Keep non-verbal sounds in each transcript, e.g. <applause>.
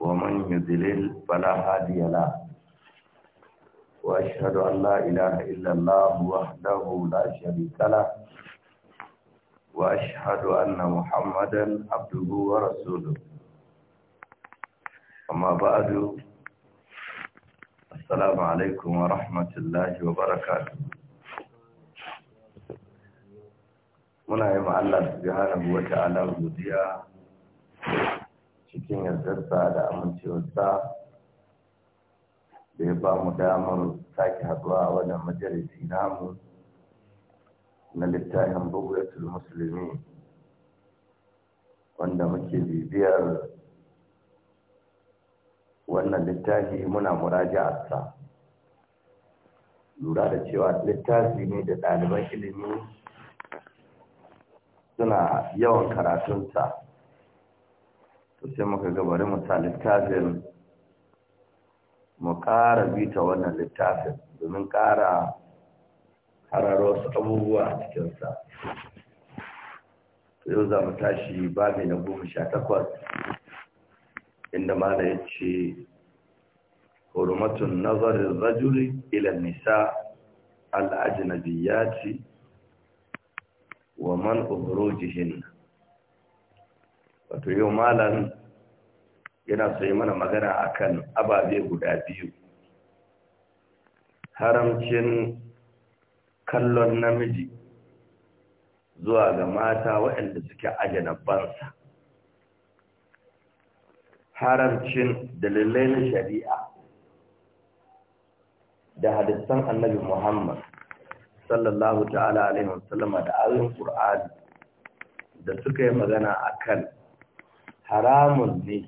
ومن يضلل فلا هادي له وأشهد أن لا إله إلا الله وحده لا شريك له وأشهد أن محمدا عبده ورسوله أما بعد السلام عليكم ورحمة الله وبركاته muna yi ma Allah subhanahu wa ta'ala godiya cikin yardarsa da amincewarsa da ya ba mu damar sake haduwa a wannan majalisi namu na littafin bugwetul musulmi wanda muke bibiyar wannan littafi muna muraja'arsa lura da cewa littafi ne da ɗaliban ilimi suna yawan karatunsa to sai muka ga bari mu ta littafin mu ƙara bita wannan littafin domin ƙara hararo wasu abubuwa a cikinsa yau za mu tashi babi na goma sha takwas inda mala ya ce hurumatun nazarin rajuli ila nisa al'ajinabiyyaci ce wa man uburojihin wato yau malam yana so mana magana akan ababe guda biyu haramcin kallon namiji zuwa ga mata waɗanda suke ajanabansa haramcin dalilai na shari'a da hadisan annabi muhammad sallallahu ta'ala alaihi wasallama da ayoyin qur'ani da suka yi magana akan haramun ne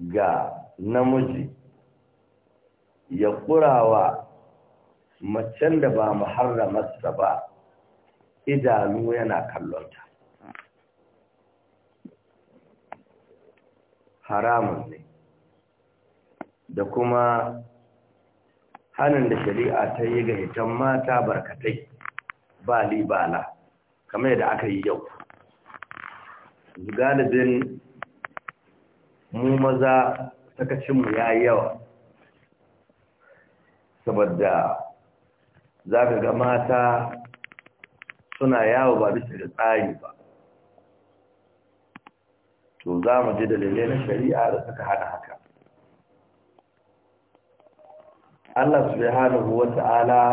ga namiji ya kurawa macen da ba muharramarsa ba idanu yana kallonta haramun ne da kuma hannun da shari'a ta yi ga hitan mata barkatai ba libala kamar yadda aka yi yau galibin mu maza sakacinmu ya yi yawa saboda za ka ga mata suna yawo ba bisa da tsari ba to za mu ji dalilai na shari'a da suka hana haka Allah subhanahu wa ta'ala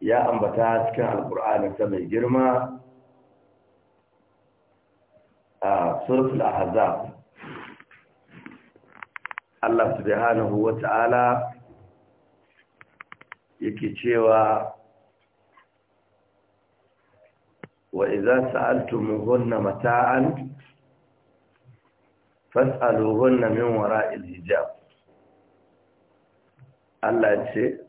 ya ambata cikin alkur'ani ta mai girma suratul ahzab Allah subhanahu wata'ala yake cewa wa idza muhunna mata'an fas'aluhunna min wara'il hijab Allah ce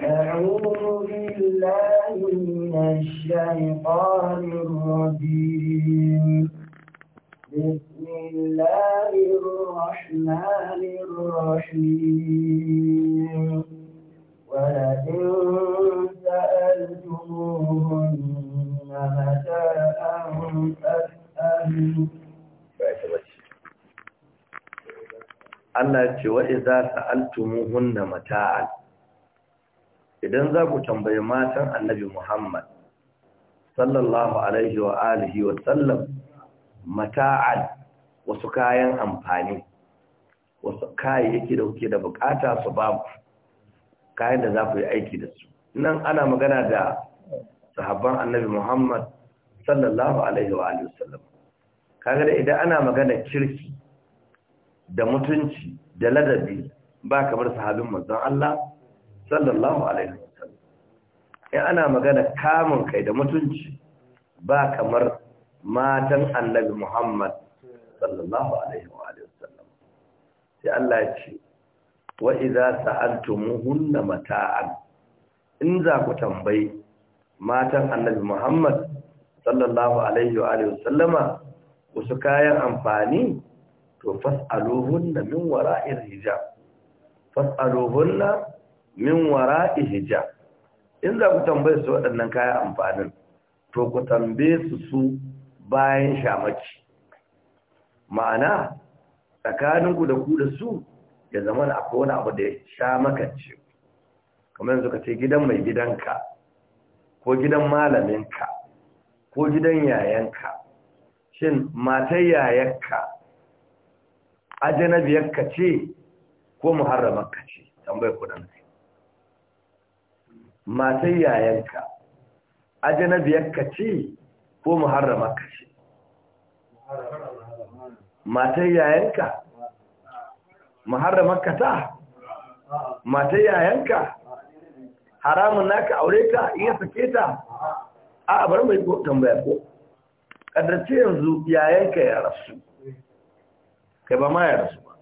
أعوذ بالله من الشيطان الرجيم بسم الله الرحمن الرحيم ولئن سألتموهن متاء فاسألوا Allah ce wa iza idan za ku tambayi matan annabi Muhammad sallallahu alaihi wa alihi wa sallam mata'al wasu kayan amfani wasu kayayyaki da kuke da bukata su ba kayan da za ku yi aiki da su nan ana magana da sahabban annabi Muhammad sallallahu alaihi wa alihi wa sallam kaga da idan ana magana kirki da mutunci da ladabi ba kamar sahabin manzon Allah sallallahu alaihi wasallam in ana magana kamun kai da mutunci ba kamar matan annabi Muhammad sallallahu alaihi wa sallam sai Allah ya ce wa idza sa'altumuhunna mata'an in za ku tambayi matan annabi Muhammad sallallahu alaihi wa sallama wasu kayan amfani to fas'aluhunna min wara'ir hijab fas'aluhunna min wara'i ihija in za ku tambaye su waɗannan kayan amfanin to ku tambaye su su bayan shamaki ma'ana tsakaninku da ku da su ya zama na akwai wani abu da ya sha makance kamar yanzu ka ce gidan mai gidanka ko gidan malaminka ko gidan yayanka shin matar yayanka ajanabiyarka ce ko muharramarka ce tambayar kudanka matan yayanka ajanabiyarka ce ko muharramarka ce matan yayanka muharramarka ta matan yayanka haramun naka aure ta iya sake ta a abar mai tambaya ko kadarce yanzu yayanka ya rasu kai ba ma ya rasu ba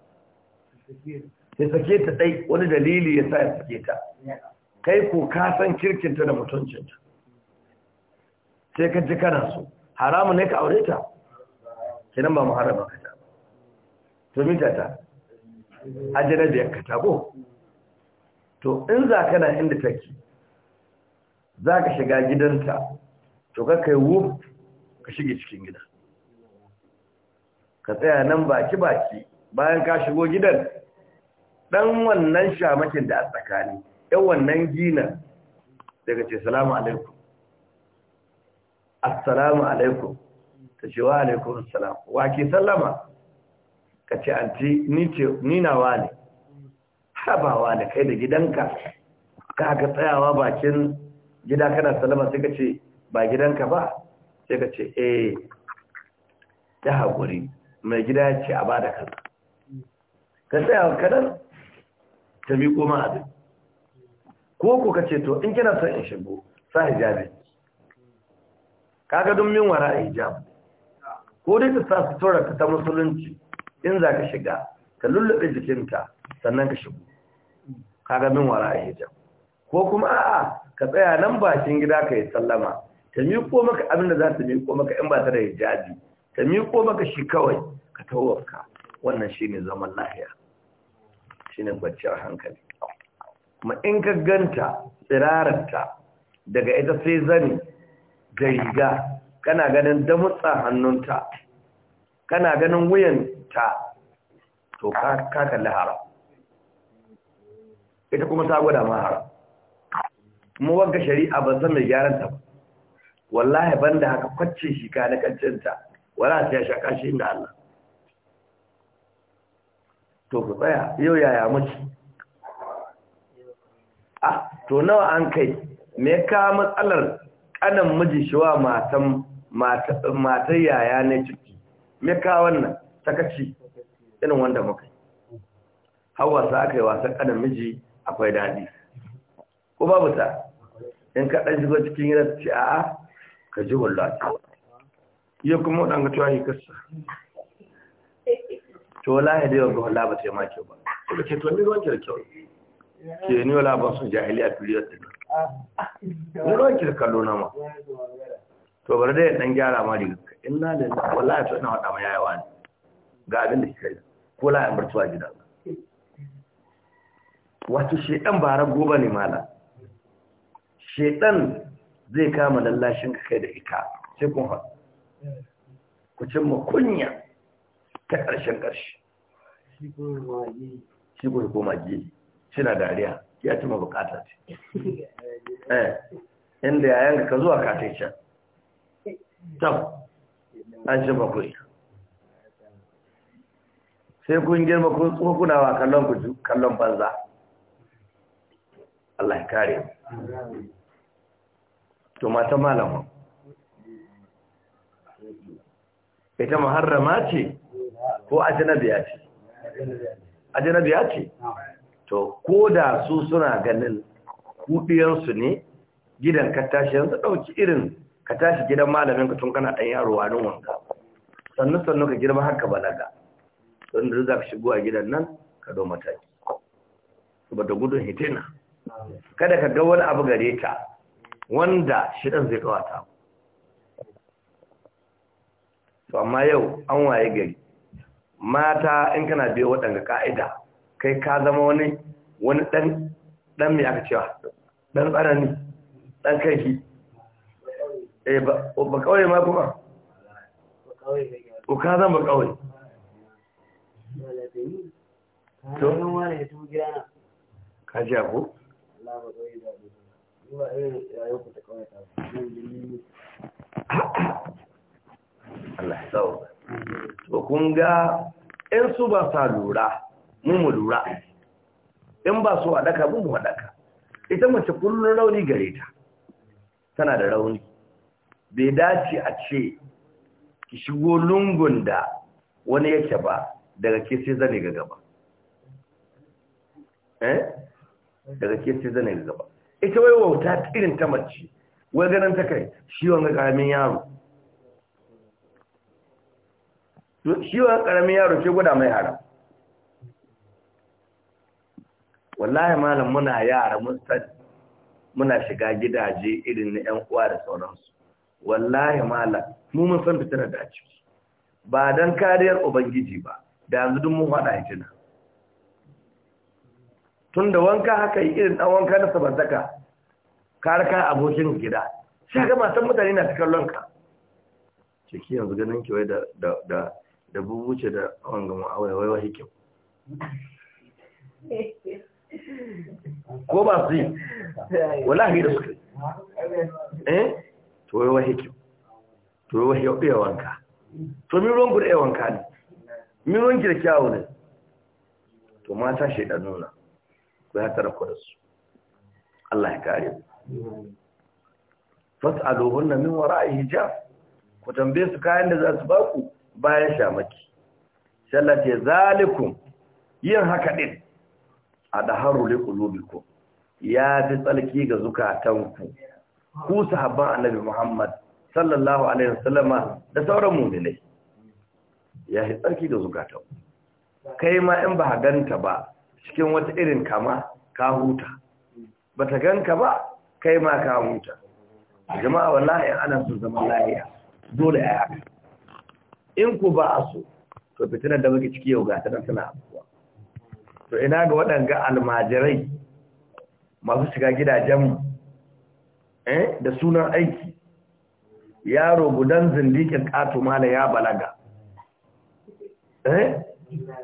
sai sake ta dai wani dalili ya sa ya sake ta kai ko ka san kirkinta da mutuncinta sai ka ji kana so haramun ne ka aure ta kinan ba muharrama ka ta to ta ajinabiyar ka ta to in za ka na inda take za ka shiga gidanta to ka kai wuf ka shige cikin gida ka tsaya nan baki-baki bayan ka shigo gidan dan wannan shamakin da a tsakani yan wannan gina daga ce salamu alaikum assalamu alaikum ta ce wa alaikum salam wa ke sallama ka ce anti ni na wa ne wa ne kai da gidanka ka ka tsayawa bakin gida kana salama sai ka ce ba gidanka ba sai ka ce eh da haƙuri mai gida ya ce a ba da kan ka tsayawa kanan ta miƙo ma abin ko ku kace to in kina son in shigo sa hijabi kaga don min wara hijab ko dai ka sa sutura ta musulunci in za ka shiga ka lullube jikinka sannan ka shigo kaga min wara hijab ko kuma a'a ka tsaya nan bakin gida ka yi sallama ka miƙo maka abin da za ta miƙo maka in ba ta da hijabi ka miƙo maka shi kawai ka tawarka wannan shine zaman lahiya shine kwanciyar hankali ma in ka ganta tsirarinta daga ita sai zani ga riga kana ganin damutsa hannunta kana ganin wuyanta to ka kalli haram ita kuma ta gwada ma hara kuma wanga shari'a ba zan mai gyaran ta ba wallahi banda haka kwacce shi ka na kancinta wala ta ya shaka shi inda Allah to ku tsaya yau yaya mace to nawa an kai me ka matsalar kanan miji shi wa matan matar yaya ne ciki me ka wannan sakaci irin wanda muka hawa sa aka yi wasan kanan miji akwai daɗi ko babu ta in ka ɗan shigo cikin yana ce a'a ka ji wallahi iya kuma waɗanda tuwa yi kasa to da yau wanga wallahi ba ta yi ma kyau ba ko da ke tuwa ne ruwan kyau ke ni wala ba su jahili a da din ne ba ki kallo na ma to bar da dan gyara ma diga inna da wallahi to ina hada ma yayi wani ga abin da kika yi ko la an bartuwa gida wato shedan ba rago ne mala shedan zai kama lallashin kai da ita sai kun haɗu ku cimma kunya ta ƙarshen ƙarshe shi kuma ko magi shina dariya ya ci mabukata ce eh inda yayan ka zuwa ka ta can tab an ci bakwai sai kun girma kun tsuwa kuna wa kallon kuju kallon banza Allah ya kare to mata malama ita muharrama ce ko ajnabiya ce ajnabiya ce to ko da su suna ganin kuɗiyarsu ne gidan katashi yanzu ɗauki irin ka gidan malamin ka tun kana ɗan yaro wani wanka sannu sannu ka girma har balaga don da za ka shigo a gidan nan ka zo mataki saboda gudun hitina kada ka ga wani abu gare ta wanda shidan zai kawata to amma yau an waye gari mata in kana biyo waɗanga ka'ida kai ka zama wani wani dan dan mai aka cewa dan tsarani dan kanki eh ba ba kawai ma kuma ko ka zama kawai to ka ji abu? Allah ya sau. To kun ga ‘yan su ba sa lura mu mu lura in ba so haɗaka mu mu daka. ita mace kullum rauni gare ta tana da rauni bai dace a ce ki shigo lungun da wani yake ba daga ke sai zane ga gaba eh daga ke sai zane ga gaba ita wai wauta irin ta mace wai ganin ta kai shi wanga karamin yaro shi wanga karamin yaro ke guda mai haram wallahi malam muna yara muna shiga gidaje irin na 'yan uwa da sauransu wallahi malam mu mun san fitar da ciki ba dan kariyar ubangiji ba da yanzu dun mun faɗa hijina tun da wanka haka yi irin dan wanka na sabantaka karka abokin gida sai ga matan mutane na cikin lonka ciki yanzu ganin kiwai da da da da bubuce da wangan wai wai wai kyau ko ba su yi wallahi da suka eh to yi wahi kyau, to yi wahi yau wanka to min ruwan guda ya ne min ruwan da kyawu ne to mata shaidanu nuna. ku ya tara kwada su Allah ya kare mu na min wara a hijab ku tambaye su kayan da za su baku bayan shamaki sallate zalikun yin haka din a daharu li qulubikum ya fi tsalki ga zukatanku ku sahabban annabi Muhammad sallallahu alaihi wasallama da sauran mu'minai ya fi tsalki ga zukatanku kai ma in ba ganta ba cikin wata irin kama ka huta Ba gan ganka ba kai ma ka huta jama'a wallahi ana son zaman lahiya dole a haka in ku ba a so to fitinar da muke ciki yau ga ta nan tana abuwa to ina ga waɗanga almajirai masu shiga gidajenmu eh da sunan aiki yaro gudan zindikin ƙato mala ya balaga eh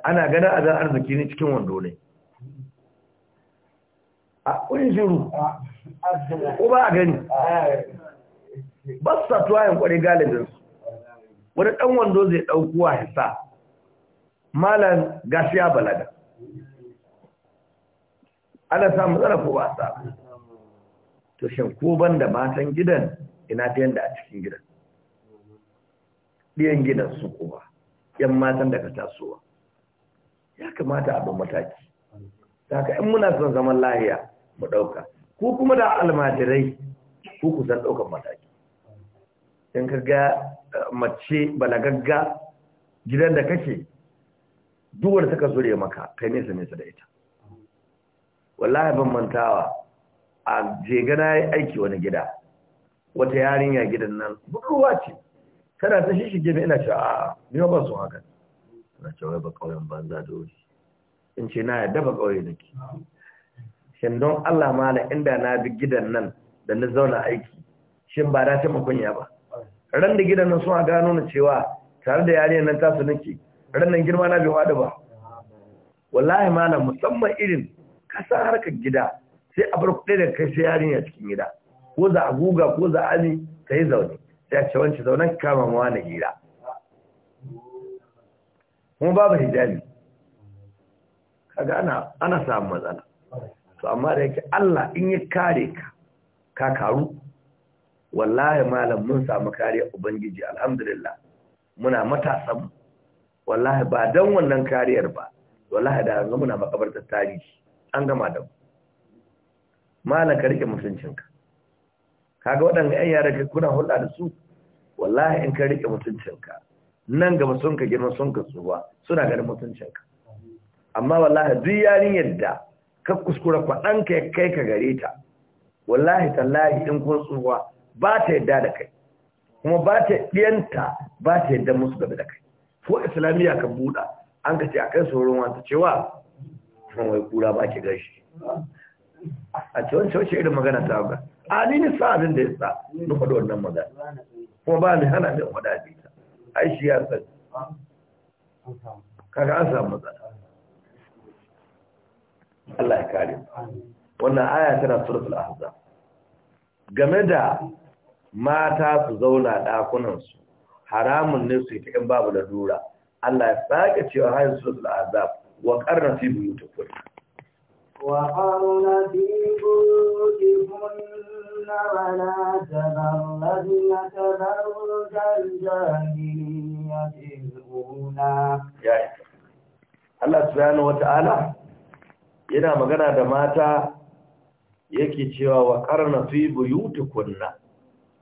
ana a zan arziki ne cikin wando ne a ƙunin shiru ko ba a gani ba su satuwa yin ƙwarai galibinsu wani ɗan wando zai ɗaukuwa hisa malan gashi ya balaga ana samu zara ko ba a samu to shin ko banda matan gidan ina ta yanda a cikin gidan ɗiyan gidan su kuma yan matan daga tasowa ya kamata a ban mataki ta haka in muna son zaman lahiya mu ɗauka ko kuma da almajirai ko kusan ɗaukan mataki in ka ga eh, mace balagagga gidan da kake duwar ta ka zure maka kai nesa nesa da ita wallahi ban mantawa a jega na yi aiki wani gida wata yarinya gidan nan budurwa ce tana ta shi shige ina cewa a ni ba su haka na ce wai ba kauyen banza da wuri in ce na yadda ba kauye da shin don Allah mala inda na bi gidan nan da na zauna aiki shin ba da ta makunya ba ran da gidan nan suna gano na cewa tare da yarinya nan tasu nake ran nan girma na bi wada ba wallahi malam musamman irin ka san harkar gida sai a bar kuɗi da kai sai yarinya cikin gida ko za a guga ko za a ami sai yi zaune sai a ce wance zaunen kama mawa na hira kuma babu hijabi kaga ana ana samun matsala to amma da yake Allah in ya kare ka ka karu wallahi malam mun samu kariya ubangiji alhamdulillah muna matasan wallahi ba dan wannan kariyar ba wallahi da yanzu muna makabartar tarihi an gama da malam ka rike mutuncinka kaga waɗanda ƴan yara kai kuna hulɗa da su wallahi in ka rike mutuncinka nan gaba sun ka girma sun ka tsuwa suna ganin ka. amma wallahi duk yarinyar da ka kuskura kwaɗanka ya kai ka gare ta wallahi tallahi in kun tsuwa ba ta yadda da kai kuma ba ta ɗiyanta ba ta yadda musu game da kai ko islamiyya ka buɗa an ka ce a kai sauran wata cewa kuma wai kura ba ki gashi a ce wancan wace irin magana ta ba a ni ne sa abin da ya sa duk da wannan magana kuma ba ni hana min faɗa bi ta ai shi ya sani kaga an samu matsala Allah ya kare wannan aya tana suratul ahzab game da mata su zauna ɗakunan su haramun ne su yi ta in babu dura Allah ya sake cewa hayar suratul azab wa qarra fi buyutikum wa qarna fi buyutikum wa la tabarrajna tabarrujal jahiliyyati al jirgin ya Allah su subhanahu wata'ala yana magana da mata yake cewa wa qarna fi buyutikunna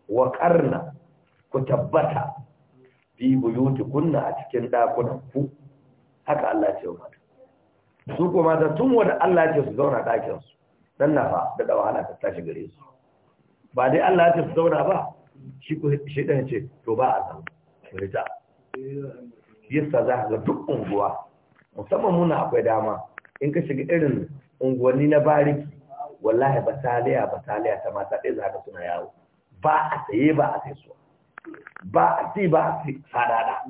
wa qarna ku tabbata fi buyutikunna a cikin dakunan ku haka Allah ya ce wa su kuma da tun wanda Allah ce su zauna ɗakin su dan na fa da wahala ta tashi gare su ba dai Allah ce su zauna ba shi ko shi dan ce to ba a san rita yasa za ka duk unguwa musamman muna akwai dama in ka shiga irin unguwanni na bariki wallahi bataliya bataliya ta mata ɗaya za ka suna yawo ba a saye ba a sai suwa ba a ci ba a sadada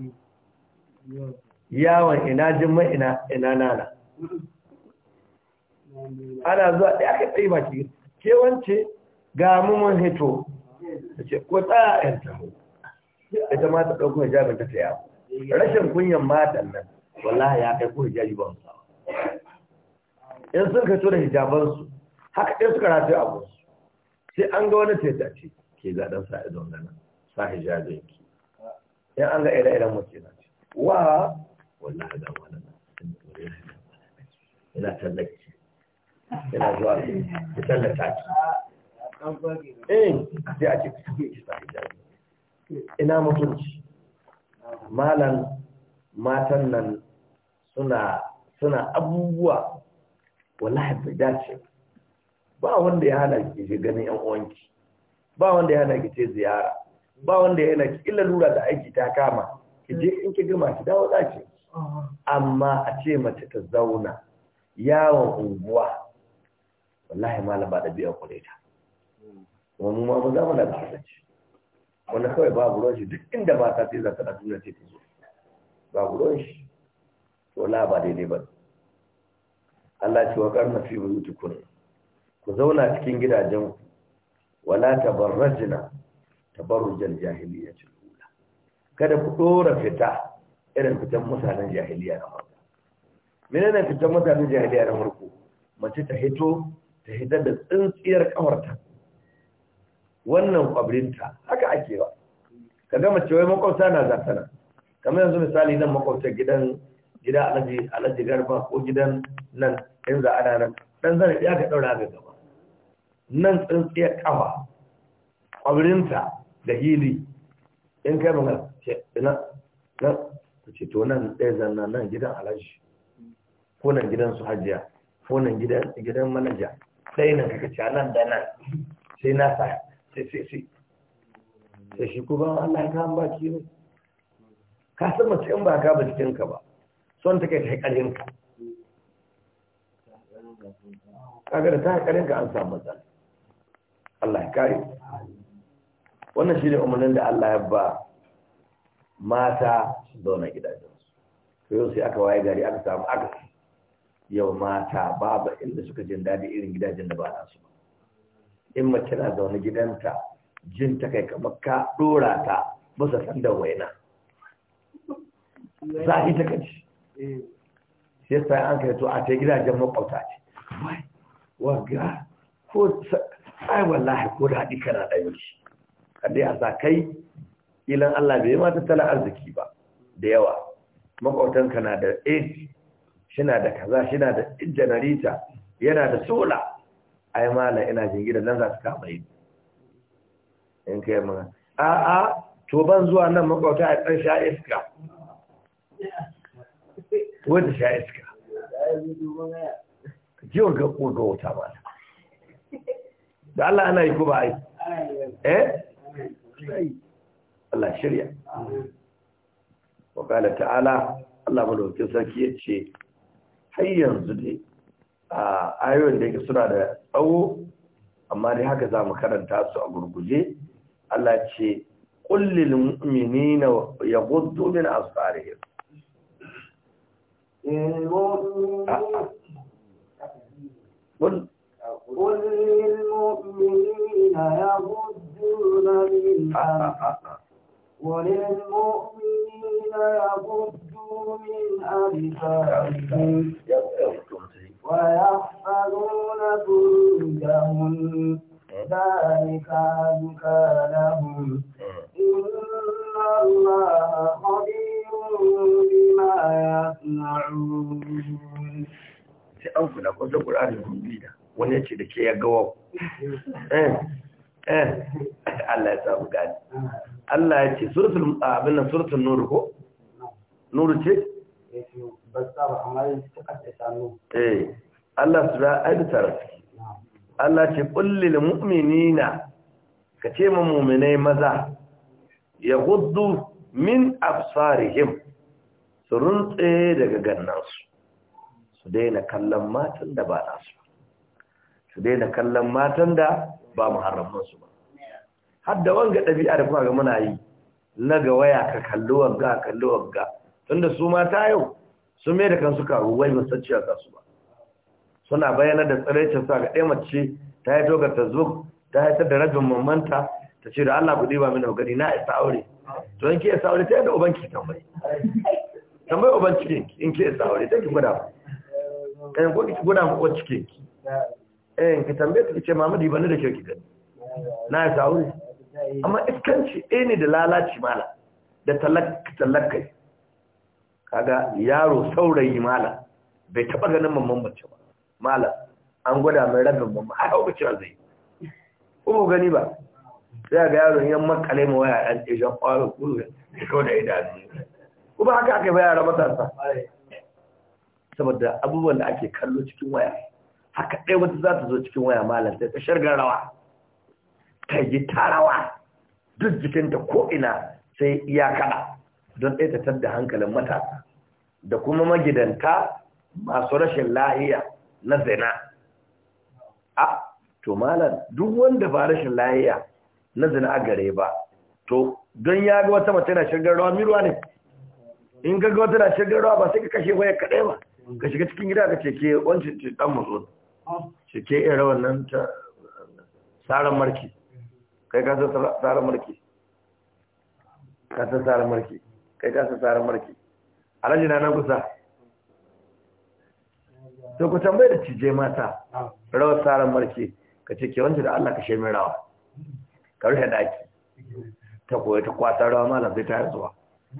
yawon ina mai ina ina nana ana zuwa ɗaya eh, ake tsaye ba ke kewance ga mummun hito da ce ko tsaya yan taho ita ma ta ɗauko hijabin ta taya rashin kunyan matan nan wallahi ya kai ko hijabi ba musa in sun kato da hijabansu haka ɗaya suka rafi abu sai an ga wani teta ce ke zaɗan sa idon gana sa hijabin ki in an ga ire-iren mutum na ce wa wallahi da wani na ina tallaki ina zuwa ki tallata ki eh sai a ce ku tafi ki sa hijabi ina mutunci malan matan nan suna suna abubuwa wallahi bai dace ba wanda ya hana ki je ganin yan uwanki ba wanda ya hana ki ce ziyara ba wanda ya hana ki illa lura da aiki ta kama ki je in ki girma ki dawo dace amma a ce mace ta zauna yawon unguwa wallahi malam ba ɗabi'a biyan da ta wani mu ma maza mu na da kasance wanda kawai babu ruwan shi duk inda ba ta tsira za ta ce ta zo babu ruwan shi to la ba daidai ba Allah ce wa karna fi buyutukun ku zauna cikin gidajen ku wala tabarrajna tabarrujal jahiliyyati al-ula kada ku dora fita irin fitan mutanen jahiliya na farko menene fitan mutane jahiliya na farko mace ta hito ta hitar da tsintsiyar kawarta wannan kwabrinta haka ake ba ka gama cewa makwabta na zartana kamar yanzu misali nan makwabta gidan gida alaji garba ko gidan nan yin za a ranar dan zan ya ka daura ga gaba nan tsintsiyar kawa kwabrinta da hili in kai magana ce ina nan ku ce to nan ɗaya zanna nan gidan alaji Funan gidan su hajiya funan gidan manaja sai nan kaka ci nan da nan sai na sa sai sai sai sai shi ko ba Allah ya kawo baki ne ka san mace in ba ka ba cikin ka ba son ta kai ta hakarin ka kaga da ta hakarin ka an samu matsala Allah ya kare wannan shi ne umarnin da Allah ya ba mata su zauna gidajensu to yau sai aka waye gari aka samu akasi yau mata babu inda suka jin daɗi irin gidajen da ba na su in mace na zaune gidanta jin ta kai kamar ka ɗora ta masa sa san da waina za a yi ta kaci sai sai an kai to a ta gidajen makwauta ce waga ko ai wallahi ko da haɗi kana ɗaya shi dai a sa kai ilan Allah bai yi ma tattalin arziki ba da yawa makwabtanka na da AC shina da kaza shina da janarita yana da sola ai mala ina jin gidan nan za su kama yi in kai ma a a to ban zuwa nan makwauta a ɗan sha iska wanda sha iska jiwon ga ƙoga wuta mata da Allah ana yi ku ba yi eh Allah shirya wa ta'ala Allah madaukakin sarki yace har yanzu dai a ayoyin da yake suna da tsawo amma dai haka za mu karanta su a gurguje Allah ce kullil mu'minina yaghuddu min absarihim قل قل للمؤمنين يغضون من أبصارهم وللمؤمنين يغضوا من أبصارهم ويحفظون فروجهم ذلك أزكى لهم إن الله خبير بما يصنعون sai an kuna kwanza ƙul'arin hundida wani ya ce da ke ya gawa Eh, Allah ya samu gani Allah ya ce suratul abin nan suratul nuru ko Nuru ce eh Allah su da ya Allah ce kullil mu'minina ka ce ma mu'minai maza ya guddu min absarihim su runtse daga gannansu su daina kallon matan da ba nasu su daina kallon matan da ba muharraman su ba Hadda wanga ɗabi'a da kuma ga muna yi ga waya ka kalli wanga kalli wanga da su mata yau sun mai da kansu karu wai ba ciyar za su ba suna bayanar da tsiraicin sa ga ɗaya mace ta yi dogar ta zo, ta haifar da rabin mamanta ta ce da Allah ku ɗiba mini gari na isa aure to in ke isa aure ta yadda ki tambayi tambayi uban cikin in ke isa aure ta ki guda ba. kan ko ki guda ma uwar cikin ki eh ka tambaye ka ce mamadi bani da kyau gani na ya sauri amma iskanci eh ne da lalaci mala da talak talakai kaga yaro saurayi mala bai taɓa ganin mamman bace ba mala an gwada mai rabin mamma har hau cewa zai ko gani ba sai ga yaro yan makale ma waya ɗan ɗajen ƙwarar kuru da ko da idanu kuma haka aka yi ba yara matasa saboda abubuwan da ake kallo cikin waya haka ɗaya wata za ta zo cikin waya malam sai ta shargar rawa ta yi tarawa duk jikinta ko'ina sai iya kada don ɗaya ta da hankalin matasa da kuma magidanta masu rashin lahiya na zina a to malam duk wanda ba rashin lahiya na zina a gare ba to don ya ga wata mace na shirgar rawa miruwa ne in ga wata na shirgar rawa ba sai ka kashe waya kaɗai ba ka shiga cikin gida ka ce ke wancan ɗan musu Cike ke iya nan ta tsarin marki kai ka tsarin marki kasa tsarin marki kai kasa tsarin marki alhaji na nan kusa to ku tambaye da cije mata rawar tsarin marki ka ce ke wanda da Allah ka shemi rawa ka rufe daki ta koya ta kwasa rawa malam sai ta yi zuwa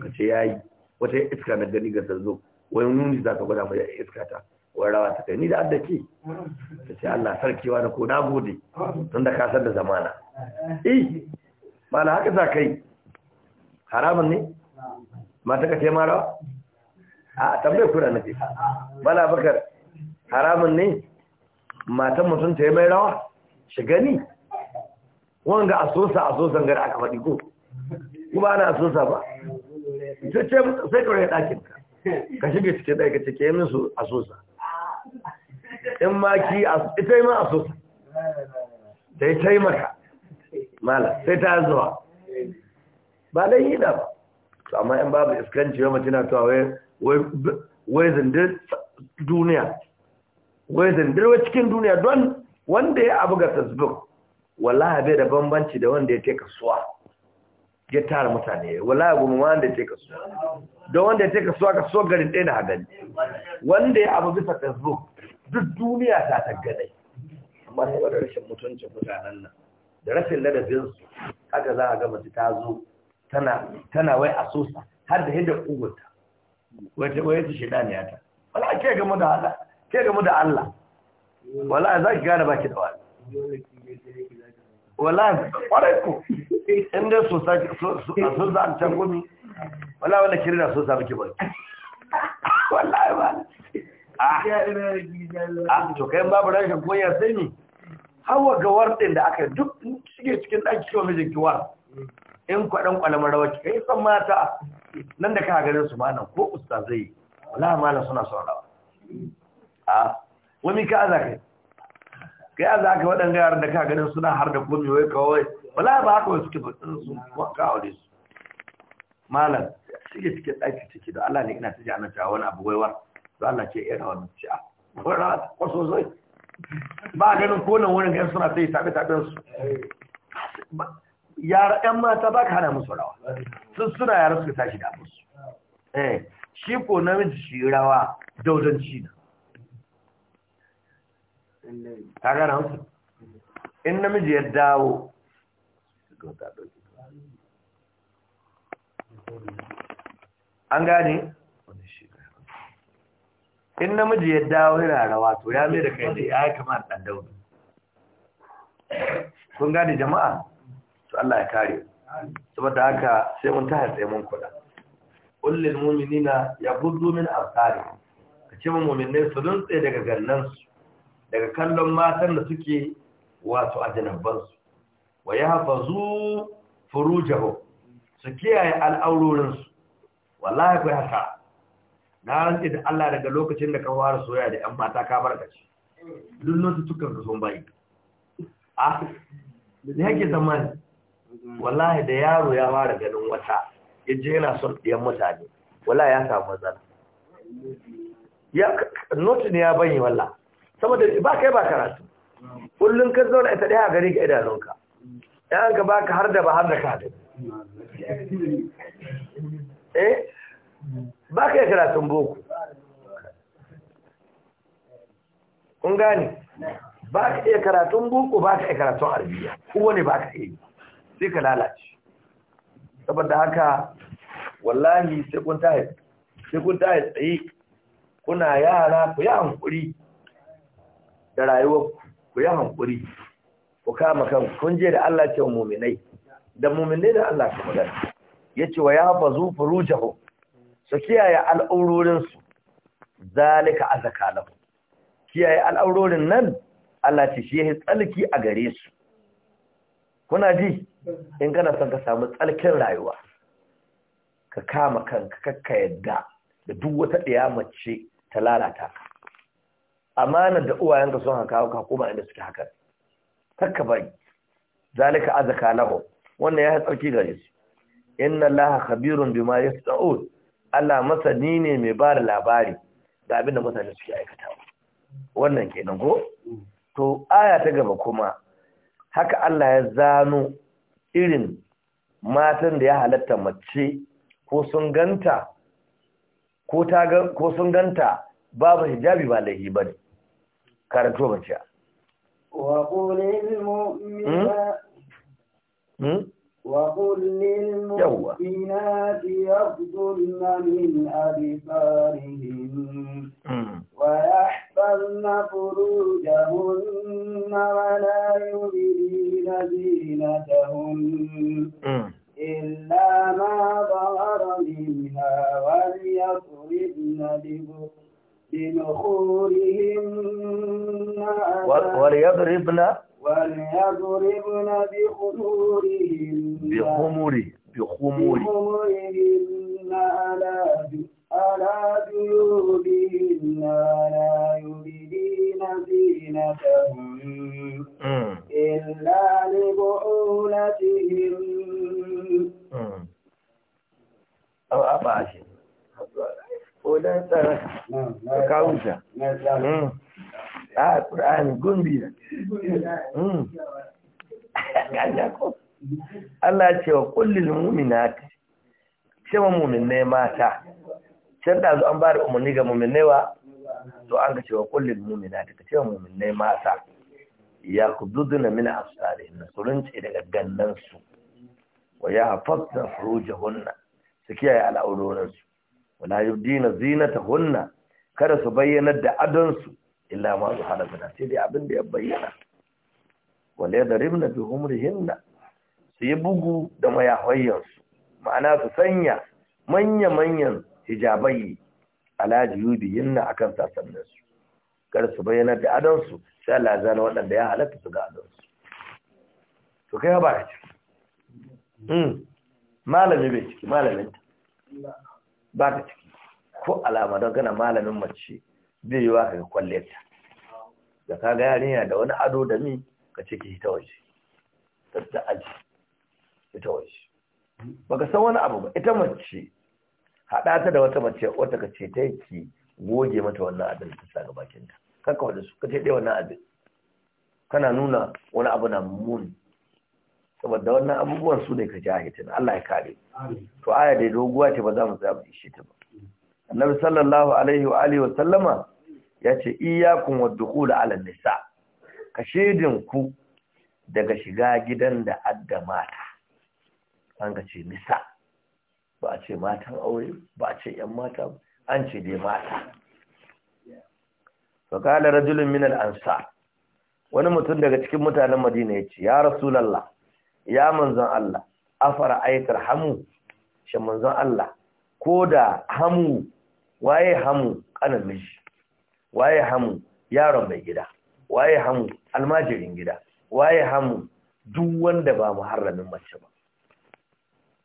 ka ce ya yi, wata iska na gani ga sanzo wani nuni za ka gwada mai iska ta wai rawa ta kai ni da addaki ta ce Allah wa da ko na gode tun da san da zamana eh ba haka za kai haramun ne mata ka tema rawa a tambayar kuna nake bala bakar haramun ne matan mutum ta yi mai rawa shi gani wanga a asosan gari aka faɗi ko kuma ana sosa ba ita ce sai kawai ɗakin ka ka shige cikin ɗaya ka cike min a sosa in ma ki ita ma a so ta yi taimaka mala sai ta zuwa ba dai yi da ba to amma in babu iskanci yau mace na tuwa wai zindir duniya wai zindir wai cikin duniya don wanda ya abu ga facebook wallaha bai da bambanci da wanda ya ke kasuwa ya tara mutane wallaha gumi wanda ya ke kasuwa don wanda ya ke kasuwa kasuwa garin ɗaya da hagani wanda ya abu bisa facebook duk duniya ta taggadai amma saboda rashin mutuncin mutanen nan da rashin ladabinsu haka za a ga mace ta zo tana wai a sosa har da hidda ƙugunta wata wai ta shida ne ta wala ke gama da Allah ke gama da Allah wala za ki gane baki da wani wala kwarai ku in dai so sa so za a can gumi wala wala kirina so sa baki baki <laughs> wallahi ba Ah. a ah, to kayan babu rashin koya sai ne hawa ga wartin da aka duk shige cikin ɗaki kiwa mijin kiwa in kwaɗan kwalamar rawa ki kai san mata nan da ka ganin su malam ko usta zai wala malam suna son rawa a ah, wani ka aza kai kai aza ka waɗanda yaran da ka ganin suna har da komi wai kawai wala ba haka wasu kifa su kawo da su malam shige cikin ɗaki ciki da Allah ne ina ta ji ana cewa wani abu waiwar su Allah ce irin wannan ce a wara kwaso zai ba a ganin konan wurin yan suna sai tabi tabi su yara yan mata ba ka hana musu rawa sun suna yara suka tashi da musu eh shi ko namiji shi rawa ci na ta gana musu in namiji ya dawo an gane in namiji ya dawo yana rawa to ya mai da kai ne ya kama ɗan dauna kun gane jama'a to Allah ya kare saboda haka sai mun ta hatsaye mun kuɗa ƙullin muminina ya gudu min afsari ka ce mun muminai su tsaye daga gannansu daga kallon matan da suke wato a su wa ya hafazu furujahu su kiyaye su wallahi kai haka na rantse da Allah daga lokacin da ka fara soyayya da ‘yan mata ka barka shi. duk lotutukan ka sun bai a ne yake zaman wallahi da yaro ya fara ganin wata ya je yana son ɗiyan mutane wallahi ya samu matsala ya noti ne ya bani walla. saboda ba kai ba karatu kullum ka zauna ita ɗaya gari ga idanunka ‘yan ka baka har da ba har da ka eh ba ka yi karatun boko kun gane ba ka iya karatun boko ba ka iya karatun arabiya kowane ba ka iya sai ka lalace saboda haka wallahi sai kun ta sai kun ta tsaye kuna yara ku yi hankuri da rayuwar ku yi hankuri ku kama kan kun je da Allah ce mu'minai da mu'minai da Allah ta magana ce wa ya furu jahun su kiyaye al'aurorinsu zalika azaka lahu kiyaye al'aurorin nan Allah ce shi yayi tsalki a gare su kuna ji in kana son ka samu tsalkin rayuwa ka kama kanka kakka yadda da duk wata ɗaya mace ta lalata ka amana da uwayenka sun haka ka koma inda suke haka kakka bari zalika azaka lahu wannan ya tsarki gare su inna Allah khabirun bima yasta'ud Allah masani ne mai ba da labari da abin da mutane suke aikatawa wannan kenan ko to aya ta gaba kuma haka Allah ya zano irin matan da ya halatta mace ko sun ganta ko ta ko sun ganta babu hijabi ba lahi bane karanto mace wa qulil mu'mina hmm? hmm? وقل للمؤمنات يغضن من أبصارهن ويحفظن فروجهن ولا يبدين زينتهن إلا ما ظهر منها وليضربن بنخورهن وليضربن وليضربن بخمورهن بخمره بخمورهن على على جيوبهن ولا يبدين زينتهن إلا لبعولتهن أو أبعشن ولا ترى كاوشة a ah, ƙur'ani gumbi na hmm. <laughs> Allah ce wa kullil mu'minati ce wa mu'minai mata can da an ba da umarni ga mu'minai wa to an ka ce wa kullil mu'minati ka ce wa mu'minai mata ya kududuna min asalihin su rince daga gannan su wa ya hafafta furujahunna su kiyaye al'aurorinsu wala zinata zinatahunna kada su bayyana da adonsu illa ma su hada mina sai dai abin da ya bayyana wale da ribna bi humrihinna su yi bugu da mayahwayyansu ma'ana su sanya manya-manyan hijabai ala a akan sassaninsu kar su bayyana da adonsu sai Allah zana waɗanda ya halatta su ga adonsu to kai ba ciki hmm. malami bai ciki malamin ba ka ciki ko alama don gana malamin mace bai yiwa ka ga kwalliyar ta da ka ga yarinya da wani ado da mi ka ce ki ta waje ta aji ta waje baka san wani abu ba ita mace haɗa ta da wata mace wata ka ce ta ki goge mata wannan abin da ta sa ga bakin ta kanka wanda su ka ce dai wannan abin kana nuna wani abu na muni saboda wannan abubuwan su ne ka jahitin Allah ya kare to aya dai doguwa ce ba za mu tsaya mu ishe ta ba annabi sallallahu alaihi wa alihi wa sallama ya ce iya iyakun wadda ala nisa ka ku daga shiga gidan da adda mata an ka ce nisa ba a ce matan aure ba a ce ‘yan mata an ce dai mata ka kala rajulun minal ansa wani mutum daga cikin mutanen madina ya ce ya rasulallah ya manzan Allah afara aikar hamu shi manzan Allah ko da hamu waye hamu kanan mishi waye hamu yaron mai gida waye hamu almajirin gida waye hamu duk wanda ba muharramin mace ba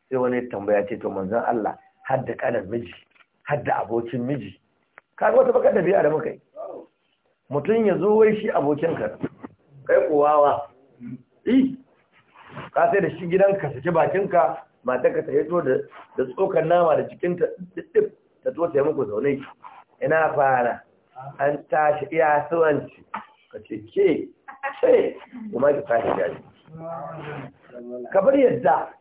sai wani tambaya ce to manzon Allah har da miji har da abokin miji kaga wata baka da biya da muka yi mutum ya zo wai shi abokin ka kai kuwawa eh ka sai da shi gidanka saki bakinka ka ta yato da da tsokar nama da cikin ta ta to ta muku zaune ina fara an tashi iya suwanci ka ce ke ce kuma ki tashi gari kabar yadda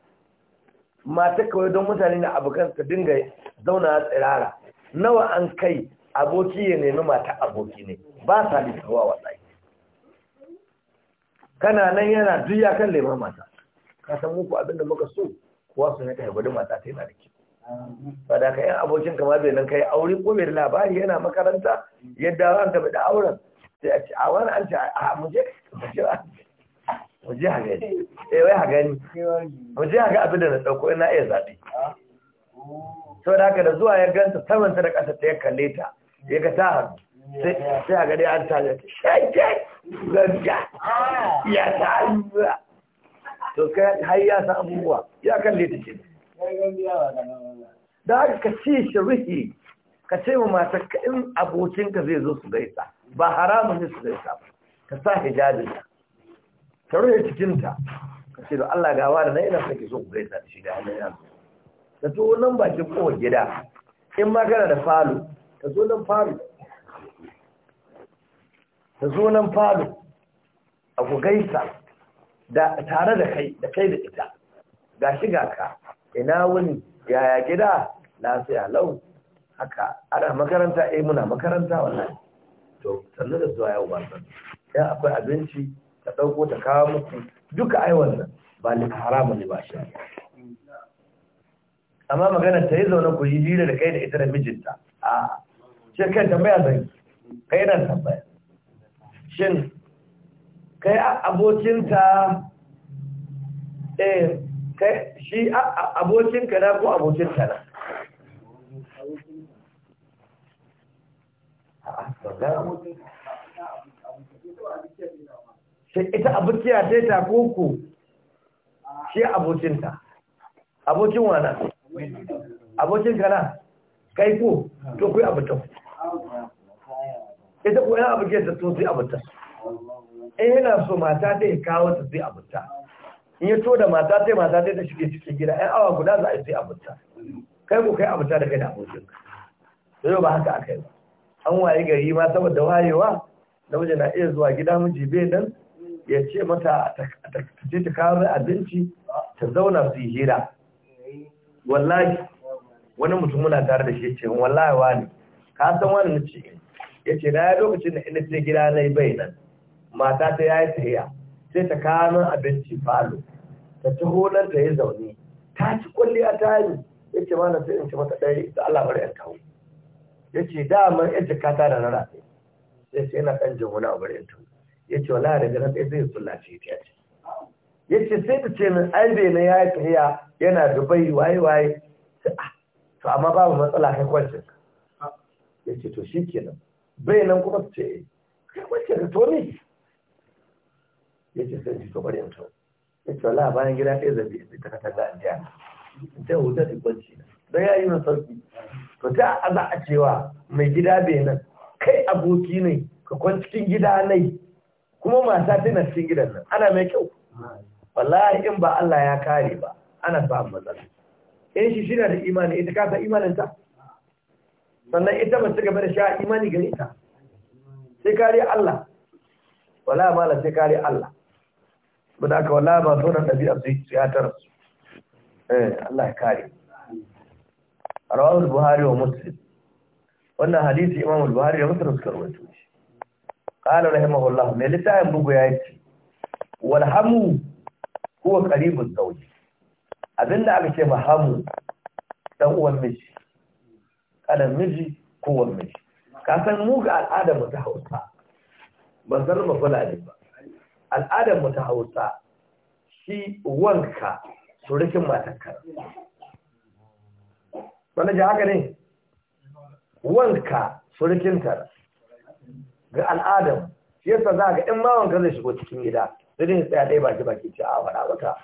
mata kawai don mutane na abokan ka dinga zauna tsirara nawa an kai aboki ya nemi mata aboki ne ba sa da kawa wallahi kana nan yana duya kan lemar mata ka san muku abinda muka so kuwa su ne ka yi mata ta yana da kyau ba da ka yi abokin kama bai nan kai aure ko mai labari yana makaranta yadda an ka da auren sai a ce a wani an ce a muje? muje mu eh wai abin da na dauko ina iya zabe to da haka da zuwa ya ganta saman ta da kasa ta ya kalle ta ya ga ta sai a gani an ta ta shakke zanga ya ta abubuwa to kai har ya san abubuwa ya kalle ta ke da haka ka ce shirihi ka ce wa mata ka in abokinka zai zo su gaisa ba haramun ne su gaisa ba ka sa hijabin ka rufe cikinta ka ce da Allah gawa da na ina sake so ku gaisa da shi da hannun yanzu ka zo nan bakin kowa gida in magana da falo ka zo nan falo ka zo nan falo a ku gaisa da tare da kai da kai da ita ga shi ga ka ina wani yaya gida lafiya lau haka ana makaranta eh muna makaranta wallahi to sannu da zuwa yau ba san sai akwai abinci ta dauko ta kawo muku duka ai wannan ba ni haramu ne ba shi amma magana ta yi zaune ku yi hira da kai da ita da mijinta a ce kai tambaya zan kai nan tambaya shin kai abokinta eh kai shi abokinka na ko abokinta na sai ita abokiya ya ta koko shi abokinta abokin wana abokin kana kai ko to kai abutan ita ko yana abokin ta to sai abutan in yana so mata ta kawo ta sai abuta in ya to da mata ta mata ta shige cikin gida 'Yan awa guda za a yi sai abuta kai ko kai abuta da kai da abokinka yau ba haka aka yi ba an waye gari ma saboda wayewa namiji na iya zuwa gida miji bai nan ya ce mata ta je ta kawo abinci ta zauna su yi hira wallahi wani mutum muna tare da shi ce wallahi wani ka san wani na ce ya ce na ya lokacin da ina ce gida na bai nan mata ta yayi tahiya sai ta kawo abinci falo ta taho nan ta yi zaune ta ci kwalliya ta yi ya ce ma na sai in ci mata ɗaya da Allah bari ya kawo ya ce damar yadda ka ta da rara sai sai yana ɗan jin wani abu da ya ce wala da ganin sai zai sullace ta ce ya ce sai ta ce min ai bai na ya yi tafiya yana dubai waye waye ah, to amma babu matsala kai kwancin ya ce to shi kenan bai nan kuma ta ce kai kwancin ka to ni ya ce sai ji to bari in ya ce wala bayan gida ɗaya zabi ta kata da ajiya ta huta ta kwanci na da ya yi na sauki to ta a za a cewa mai gida bai nan kai aboki ne ka kwan cikin gida nai kuma mata tana cikin gidan nan ana mai kyau wallahi in ba Allah ya kare ba ana samun matsala in shi shina da imani ita kasa imaninta sannan ita ba su gaba da sha imani gare ta sai kare Allah ma la sai kare Allah ba da aka wala ba sauran da ɗabi'a su yi tiyatar su eh Allah ya kare rawahu al-buhari wa muslim wannan hadisi imam al-buhari da muslim suka rawaito shi qala rahimahullah mai littafin bugu ya ce wal hamu huwa qaribul zawj abinda aka ce mahamu dan uwan miji kalan miji ko wan miji ka san mu ga al'adar mu ta Hausa ba zan ba fulani ba al'adar mu ta Hausa shi wanka surukin matakar wanda ji haka ne wanka surukinta ga al'adam shi yasa za ga in ma wanka zai shigo cikin gida sai dai tsaya ɗaya baki baki ce a faɗa wata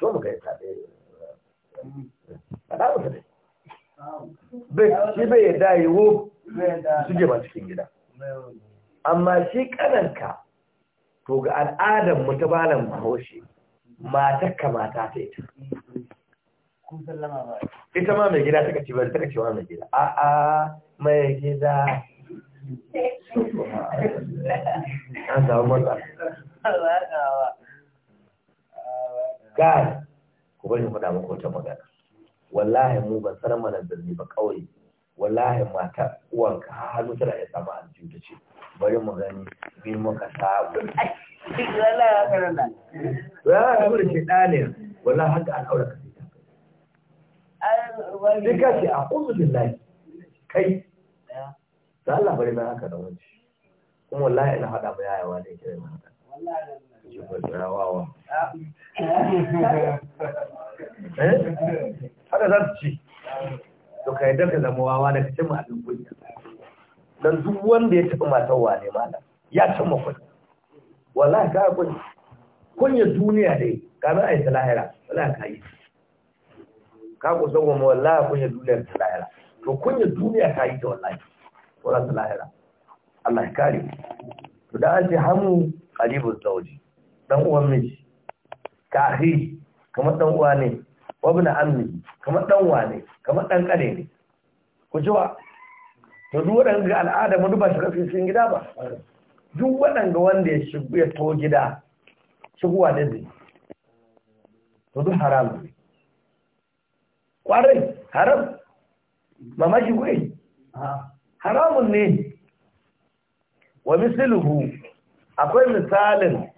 so mu kai tsaye ɗaya faɗa wata ne bai shi bai yadda yi wo shige ba cikin gida amma shi kananka to ga al'adam mutabalan ta balan ka mata kamata ta ita ita ma mai gida suka ci bari suka ce wa mai gida a'a mai gida an samu mota. kai ku bari faɗa muku wata magana wallahi mu ban san mana zalli ba kawai wallahi mata uwanka hannu tana iya samu aljihu ta ce bari mu gani bi muka samu wallahi haka nan wallahi haka al'auraka sai ka ce a ƙunzu billahi kai da Allah bari na haka da wani. kuma wallahi ina haɗa mai yayawa ne kira na haka eh? haka za su ci to ka yadda ka zama wawa daga cin abin kunya don duk wanda ya taɓa matar wane mana ya cin makwai wallahi ka kunya kunya duniya ne ka a yi ta lahira wallahi ka yi ka ku san kuma wallahi kun ya duniyar ta lahira to kun ya duniya ta yi ta wallahi wala ta lahira Allah ya kare to da an ce hamu qalibu zawji dan uwan miji ka akhi kuma dan uwa ne wa ibn ammi kuma dan uwa ne kuma dan kare ne ku jiwa to duk waɗanda al'ada mu duba shi sun gida ba duk waɗanda wanda ya shigo ya to gida shigowa da zai to duk haram kwarai haram mamaki kwai haramun ne wa misluhu akwai misalin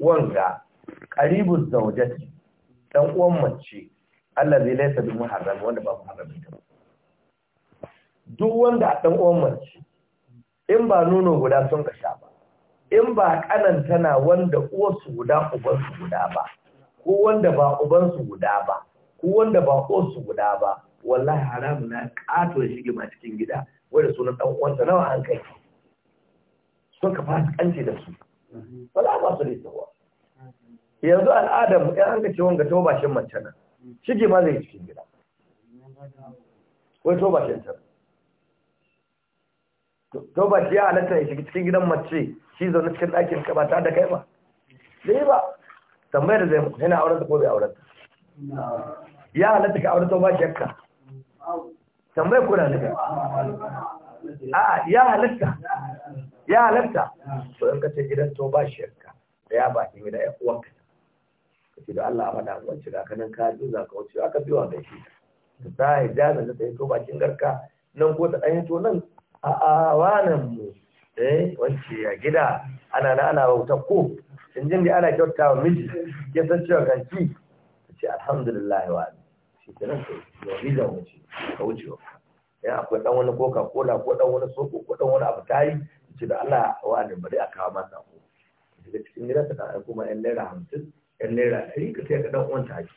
wanga karibu zawjati dan uwan mace Allah zai laisa bi muharram wanda ba muharram ita duk wanda dan uwan mace in ba nuno guda sun ka sha ba in ba kanan tana wanda uwarsu guda ubansu guda ba ko wanda ba ubansu guda ba ko wanda ba su guda ba wallahi haramu na kato shi shige ma cikin gida wanda sunan dan uwansa nawa an kai sun ka kanci da su wala ba su da yanzu al'adar mu an ka ce wanga to ba mace nan shige ma zai cikin gida wai to ba shin ta to ya halatta ya shiga cikin gidan mace shi zaune cikin ɗakin ka ba ta da kai ba dai ba tambayar da zai yana auren ta ko bai auren ta ya halatta ka auri to ba shakka tambayar kuna daga a ya halatta ya halatta to in ka ce gidan to ba shakka da ya ba ki ya uwanka ka ce da Allah a faɗa wacce shiga kanin ka ji za ka wuce aka biwa da shi ta sa hijazan da ta yi to kin garka nan ko ta yi to nan a awanan mu eh wacce ya gida ana na ana wuta ko in jin da ana kyautawa miji ya san cewa kanki ce alhamdulillah wa shi kenan ka yi da wuce ka wuce wa ya akwai dan wani coca cola ko dan wani soko ko dan wani abu tayi ce da Allah wa ni bari a kawo masa ko daga cikin gidan ta aiko kuma yan naira hamsin yan naira 100 ka sai ka dan uwan taki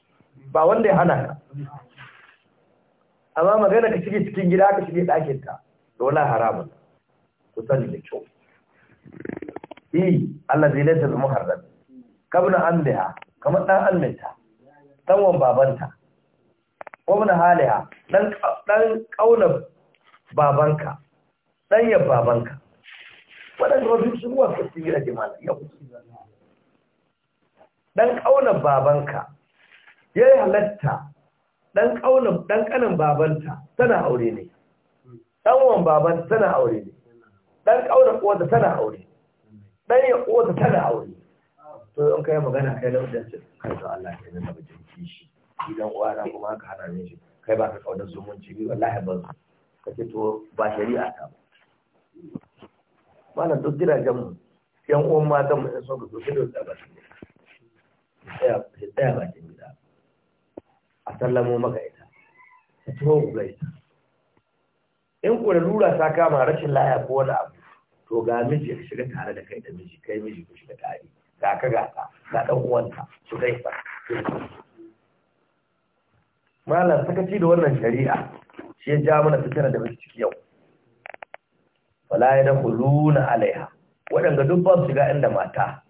ba wanda ya hana ka amma magana ka shige cikin gida ka shige dakin ta to wala haramun ku sani da kyau eh Allah zai lantsa muharram kabna amliha kamar dan aminta ɗanwan babanta wabna haliha ɗan ƙaunar babanka ɗanyar babanka waɗanda wasu sun wasu su yi rage jimala, ya kusa ɗan ƙaunar babanka ya yi halatta ɗan ƙanan babanta tana aure ne ɗanwan babanta tana aure ne ɗan ƙaunar ƙuwata tana aure ɗanyar ƙuwata tana aure so in kai magana kai lauɗin su kai to Allah ya nuna mutum kishi idan na kuma haka hana min shi kai ba ka kaunar zumunci ni wallahi ban kace to ba shari'a ta ba malam duk gidajen mu yan uwan matan mu sun so su gidan da ba su tsaya ba bakin gida a sallamo maka ita ta tuwo ga ita in kuwa lura ta kama rashin laya ko wani abu to ga miji ya shiga tare da kai da miji kai miji ku shiga tare ga ka ga ka ga ɗan uwanka su gaisa malam sakaci da wannan shari'a shi ya ja mana fitina da bincike ciki yau wala ya da huluna alaiha waɗanda duk ba su shiga inda mata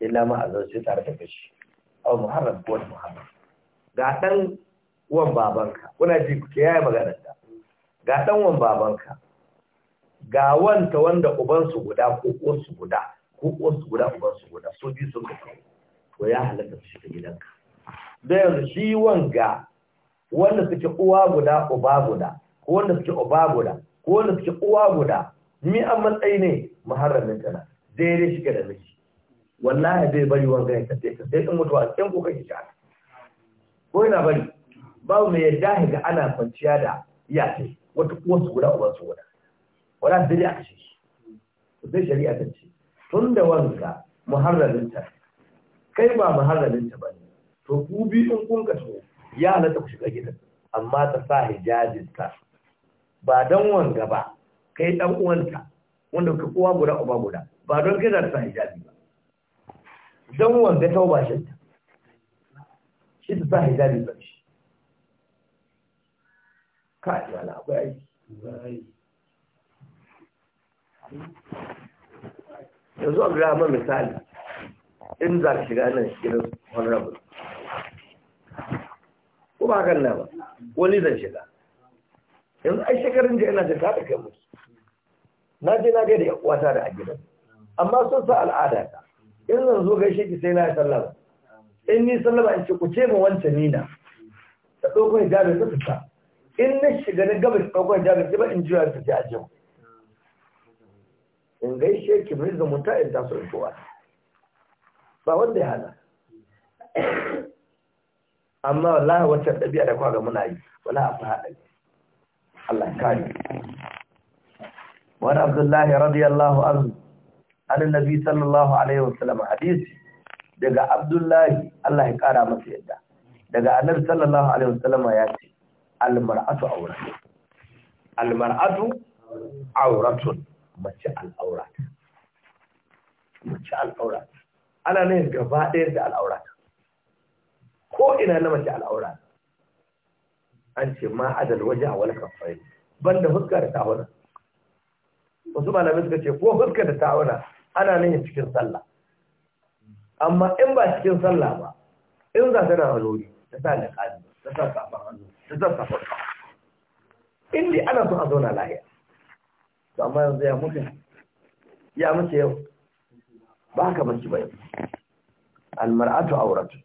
illa ma a zarce tare da kashi aw muharram ko muharram ga ɗan uwan babanka kuna ji kuke yaya magana ta ga ɗan uwan babanka ga wanta wanda ubansu guda ko su guda ko uwarsu guda uban su guda so biyu sun kafa to ya halatta su shiga gidanka da yanzu shi wanga wanda suke uwa guda uba guda ko wanda suke uba guda ko wanda suke uwa guda ni an matsayi ne muharramin tana daidai shiga da miji wallahi bai bari wanga ya kace ka sai in mutuwa kin ko kake ta ko ina bari babu mai yadda ga ana kwanciya da iyaye wata uwarsu guda uban su guda wala sai dai aka shi to sai shari'a ta ce tun da wanka muharrarinta kai ba muharrarinta ba ne to ku bi in kun ka so ya halatta ku shiga gidan amma ta sa hijabinta ba don wanga ba kai dan uwanta wanda ka kowa guda uba guda ba don kai da sa hijabi ba don wanga ta ba shi ta shi ta sa hijabi ba shi ka ji wala akwai aiki yanzu a gama misali in za ka shiga nan gidan honorable ko ba kan na ba wani zan shiga yanzu ai shekarun jiya ina da ta kai musu na je na gaida da uwata da a gidan amma sun sa al'ada ta in zan zo gaishe ki sai na yi sallama in ni sallama in ce ku ce ma wancan nina ta ɗaukar hijabin ta fita in na shiga na gaba ta ɗaukar hijabin ta ba in jiya ta ce a jiya in gaishe ki mai zumunta in ta in kowa ba wanda ya hana amma wallahi wata ɗabi'a da kwa ga muna yi wala a faɗa Allah kare wani abdullahi radiyallahu anhu an nabi sallallahu alaihi wasallam hadisi daga abdullahi Allah ya kara masa yadda daga annabi sallallahu alaihi wasallam ya ce almar'atu al mar'atu auratun mace al'aurata mace al'aurata ana nan gaba ɗaya da al'aurata ko ina na mace al'aurata an ce ma adal waje a wani kafai banda fuska da tawuna wasu malamai suka ce ko fuska da tawuna ana nan cikin sallah amma in ba cikin sallah ba in za ta na hanori ta sa da ƙari ta sa safar hannu ta sa safar ƙafa in ana son a zauna lahiya to amma yanzu ya muka ya muke yau ba ka mace ba yau almar'atu auratu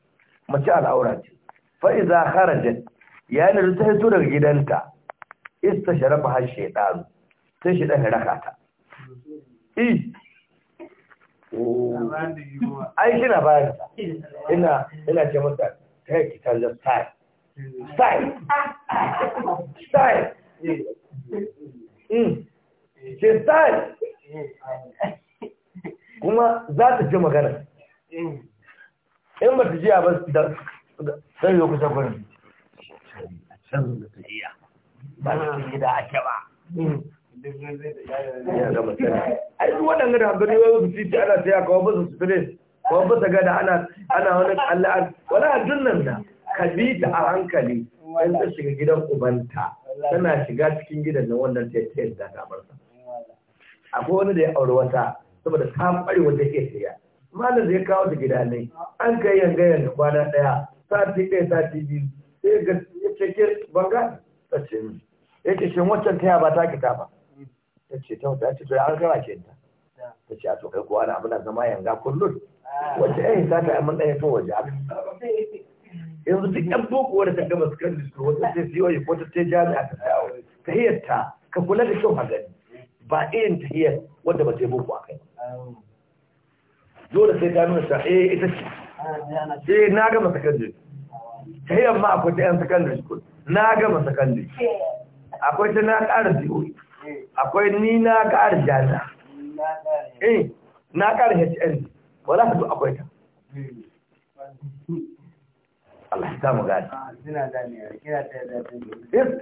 mace al'aura ce fa iza kharajat yayin da ta fito daga gidanta istasharafa har shaytan sai shi dan raka ta i oh. ai kina ba ina ina ce masa kai ki canza style style style eh. mm. ce sai kuma za ta ji magana in ba ta jiya ba da sai yau kusa gurin can da ta jiya ba ta yi da ake ba ai su waɗanda da hankali wani su titi ana taya kawo ba su stress kawo ba su gada ana wani al'ad wani nan da ka bi ta a hankali in ta shiga gidan ubanta tana shiga cikin gidan na wannan ta yi da ta barsa akwai wani da ya auri wata saboda ta kware wata ke siya malam zai kawo da gida ne an kai yanga yanga kwana daya sati ɗaya sati biyu sai ga ya banga ta ce min hmm. ya ce shin wancan taya ba ta kita ba ta ce ta wata ce to an kara ke ta ta ce a to kai kuwa na abin zama yanga kullum Wace ɗaya eh, ta ta amin ɗaya to waje yanzu duk ɗan boko da ta gama sakandare wata ce siyo ko ta ce jami'a ta dawo ta hiyarta ka kula da kyau a gani ba irin tahiyar wanda ba ta yi boko a kai dole sai ta nuna sa eh ita ce eh na gama secondary tahiyar ma akwai ta yan secondary school na gama secondary akwai ta na ƙara jihohi e. akwai ni na ƙara jana eh na ƙara hn wala ka zo akwai ta hmm. Allah ya samu gani.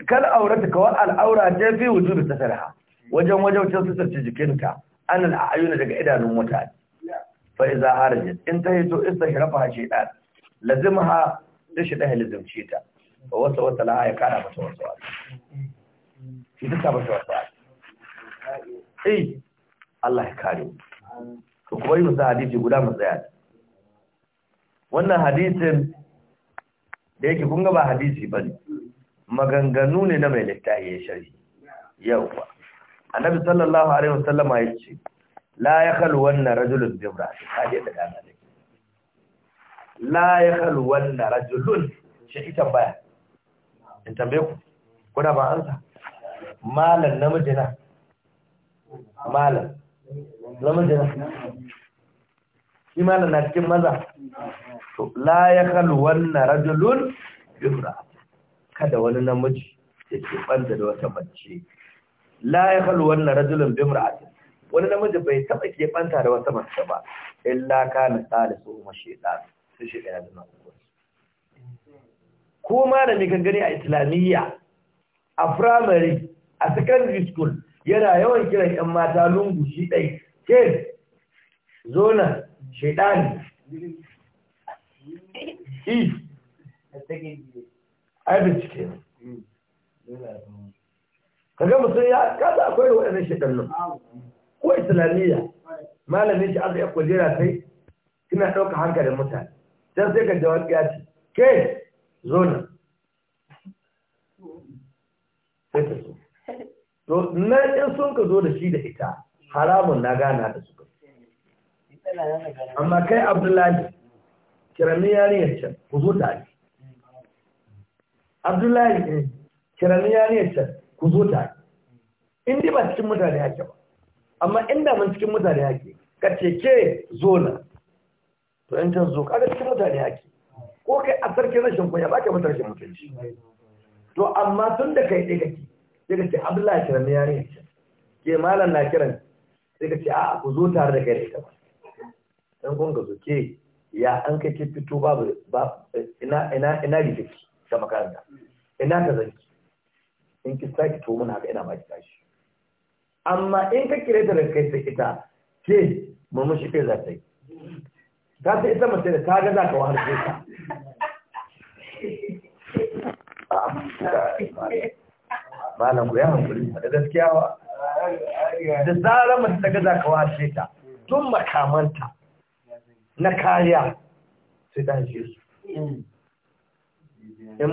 Kala aurata kawai al'aura ta fi wujudu ta sarha. wajen wajen wajaucin sutarci jikinta an al'ayuna daga idanun mutane fa iza harajat in ta hito isa hirafa shaitan lazimha da shi dahi lazimce ta ba wasa wata la'a ya kara mata wasu wasu shi ta saba shi wasu wasu eh Allah ya kare to kuma yi musa hadisi guda mu tsaya wannan hadisin da yake kun ga ba hadisi bane maganganu ne na mai littafi ya Yau ba. annabi sallallahu alaihi wasallama yace la ya khalu wannan rajulun jibra imra'atin da dana la ya khalu wannan rajulun shi ita baya in tambaye ku kuna ba ansa malan namiji na malan namiji na shi malan na cikin maza to la ya khalu wannan rajulun jibra kada wani namiji yake banda da wata mace la ya halu wannan rajulun bi mar'atin wani namiji bai taba keɓanta da wata mace ba illa kana salisu ma shaytan shi shi da nan ko ma da ni kan gani a islamiyya a primary a secondary school yana yawan kiran yan mata lungu shi dai ke zo nan shaytan ai bincike ne hmm. kaga mutum ya kada akwai da waɗannan shekarun ko islamiyya malamin shi aka yi kujera sai kina ɗauka hankalin mutane can sai ka jawab ya ce ke zo na. sai ta so to na in sun ka zo da shi da ita haramun na gana da suka amma kai abdullahi kirami yariyar can ku zo tare abdullahi kirami yariyar can ku zo tare in dai ba cikin mutane yake ba amma in da mun cikin mutane yake ka ce ke zo na to in can zo kaga cikin mutane yake ko kai a sarkin rashin kunya ba ka mutar rashin mutunci to amma tun da kai ɗaya kake sai ka ce abdullahi kiran ne yare ce ke malam na kiran sai ka ce a ku zo tare da kai da ba dan kun ga zo ke ya an kai ki fito babu ina ina ina rifiki ta makaranta ina ka zanki in ki sake to muna haka ina baki tashi amma in ka kire da kai sai ita ke murmushi kai za ta yi ta sai ita mace da ta ga za ka wahala ke ka malam ku ya hankali da gaskiya wa da zarar mace ta ga za ka wahala ta tun makamanta na kariya sai ta hanci su in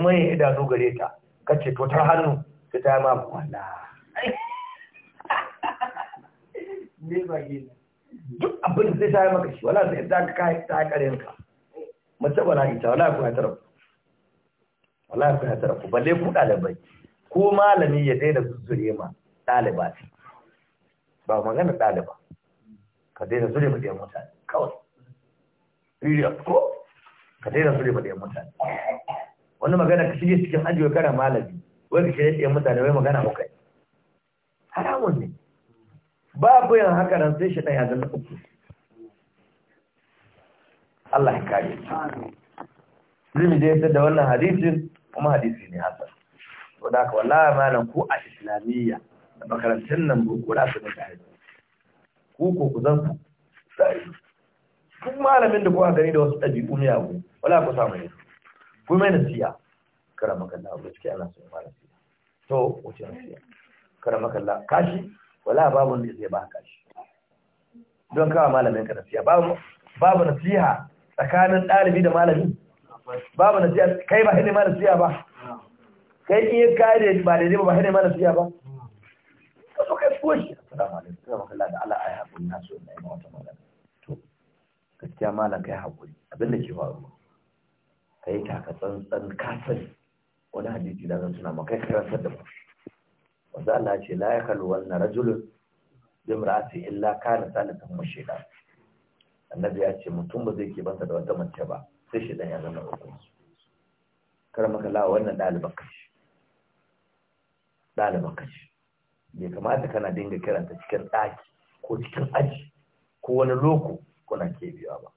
mai idanu gare ta kace to ta hannu fita ma kwalla <laughs> ne ba ke duk abin da zai tare maka shi wala zai da ka ta karin ka mace bana ita wala ku ya tarafu wala ku ya tarafu balle ku dalibai ko malami ya daina zuzure ma daliba ce ba magana daliba ka daina zure ma da mutane kawai period ko ka daina zure ma da mutane wani magana ka shige cikin ajiyar kana malami wani shirye ɗaya mutane wai magana muka yi haramun ne babu yin haka nan sai shi ɗaya zan uku Allah ya kare zai je da wannan hadisin kuma hadisi ne hasan to da haka wallahi malam ku a islamiyya da makarantar nan boko da su ne kare ku ko ku zan ku sai duk malamin da kuka gani da wasu ɗabi'u miyagu wala ku samu ne ku mai nasiya kara makalla abu gaskiya Allah son fara siya to wace na siya kara makalla kashi wala babu wanda zai ba kashi don kawa malamin ka nasiya babu babu nasiha tsakanin ɗalibi da malami babu nasiha kai ba hidima nasiha ba kai in kai da ba daidai ba ba hidima nasiha ba ka so kai suwa shi assalamu alaikum kara makalla da Allah ai hakuri na so na yi ma wata magana to gaskiya malam kai hakuri abinda ke faruwa ka yi taka tsantsan kasani wani hadisi da zan tuna karantar da mu wanda Allah ce la ya kalu wannan rajulun bi imra'ati illa kana salatan kuma shida annabi ya ce mutum ba zai ke banta da wata mace ba sai shaytan ya zama uku kar maka la wannan daliban kashi daliban kashi bai kamata kana dinga kiranta cikin ɗaki, ko cikin aji ko wani loko kuna ke ba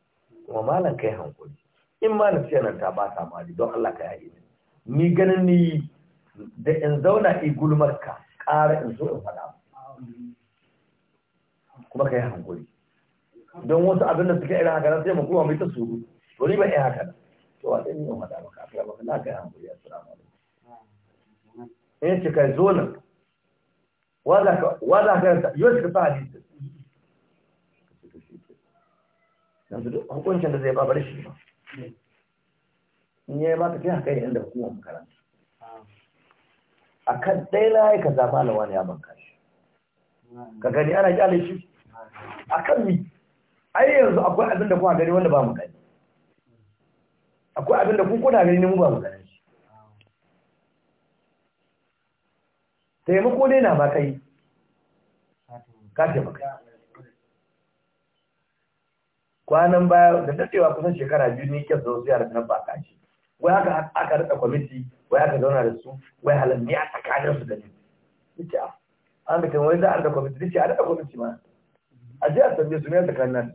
kuma malam kai hankali in malam sai nan ta ba ta mali don Allah ka yi ni ni ganin ni da in zauna i gulmar ka ƙara in zo in faɗa kuma ka yi hankuri don wasu abin da suka irin haka sai makuwa kuma mai ta suru wani ba iya haka to a sai yin in faɗa maka afiya maka na ka yi hankuri assalamu alaikum in eh, ce kai zo nan wa za ka yau ka sa hadisi yanzu duk hukuncin da zai babar shi ba in ba baka fi haka da hukumar makaranta ah. A kan ɗaya layi ka zama da wani ya banka shi ka gani ana kyale shi kan mi ai yanzu akwai abin da kuma gani wanda ba mu gani akwai abin da kuma gani ne mu ba mu gani shi taimako ne na ba kai ka taimaka kwanan baya da dadewa kusan shekara biyu ne kyan zo su yara na ba kashi wai haka aka rika kwamiti wai aka zauna da su wai halammi a tsakanin su da ni yace a ah, an da kan wai za a rika kwamiti yace a rika kwamiti ma a je a tambaye su ne a tsakanin nan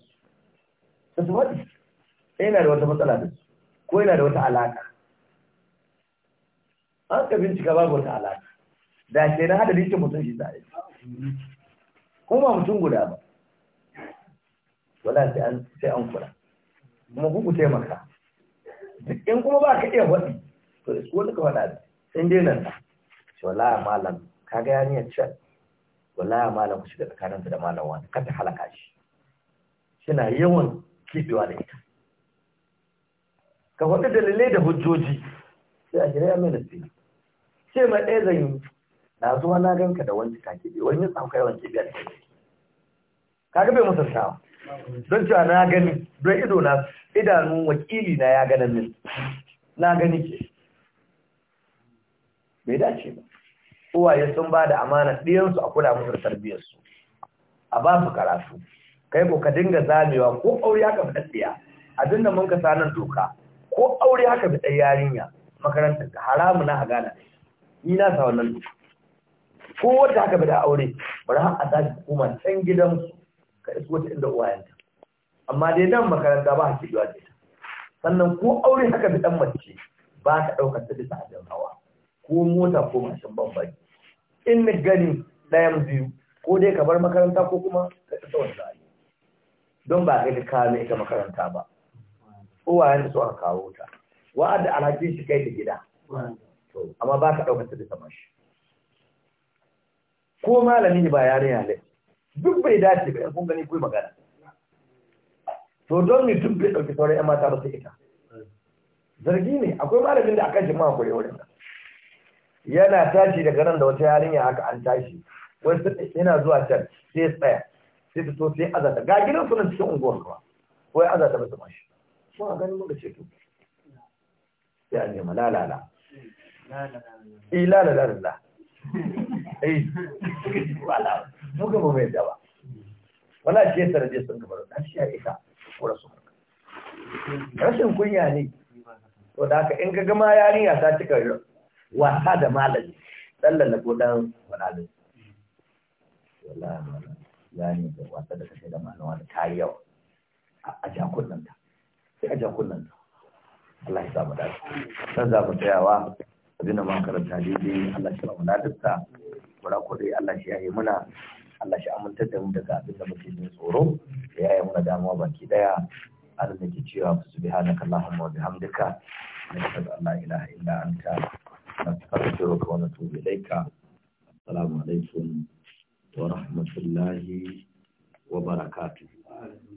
su su faɗi yana da wata matsala da su ko yana da wata alaƙa an ka bincika babu wata alaƙa da ke na hada lishin mutum shi za'a kuma mutum guda ba wala sai an kula kuma ku ku taimaka in kuma ba ka iya faɗi to da wani ka faɗa sun dai nan wala wallahi malam ka ga yaniyar can wallahi malam ku shiga tsakaninsa da malam wani kada halaka shi suna yawan kibewa da ita ka faɗi dalilai da hujjoji sai a shirya mai nasi ce mai ɗaya zan yi na zuwa na ganka da wani kake kiɗe wani ya samu kai wani kiɗe a cikin ka ga bai mutuntawa don cewa na gani don ido na idanun wakili na ya ganin min na gani ke bai dace ba uwaye sun ba da amana ɗiyansu a kula musu da tarbiyyarsu a ba su karatu kai ko ka dinga zamewa ko aure haka fi ɗaya a dinga mun ka sanar doka ko aure haka fi ɗaya yarinya makarantar haramu na a gana ni na sa wannan doka ko wata haka fi da aure bari har a tashi hukuma can gidansu ka isu ta inda uwayenta amma dai nan makaranta ba hakki zuwa ta sannan ko aure haka da dan mace ba ka ɗaukar ta bisa abin hawa ko mota ko mashin bambari in ni gani ɗayan biyu ko dai ka bar makaranta ko kuma ka isa wanda ayi don ba kai ka kame ita makaranta ba uwayen da suka kawo ta wa'ada alhakin shi kai da gida amma ba ka ɗaukar ta bisa mashi ko malami ba yarinya ne duk bai dace ba kun gani kuma magana to don ni duk bai ɗauki sauran 'yan ta ba sai ita zargi ne akwai malamin da aka shi ma wurin yana tashi daga nan da wata yarinya haka an tashi wani yana zuwa can sai tsaya sai fito sai azata ga gidan nan cikin unguwar kuma ko ya azata ba shi. ko a ganin muka ce to sai an nema lalala mm. eh lalala eh. <laughs> mu mu mai dawa wala shi yasa raje sun gaba da shi ya isa ko rasu rashin kunya ne to da haka in ka ga ma yarinya ta cika wasa da malami dan lallabo dan malami wallahi yani da wasa da kashe da malama da tayi yawa a jakunan ta sai a jakunan ta Allah ya samu dace san za mu tsayawa abinda ma karanta daidai Allah shi mu ladarta muna kudi Allah ya yi muna Allah shi amintar da mu daga abin da muke jin tsoro da yayi muna damuwa baki daya Allah da ke cewa subhanaka allahumma wa bihamdika nashhadu an la ilaha illa anta nastaghfiruka wa natubu ilayka assalamu alaikum wa rahmatullahi wa barakatuh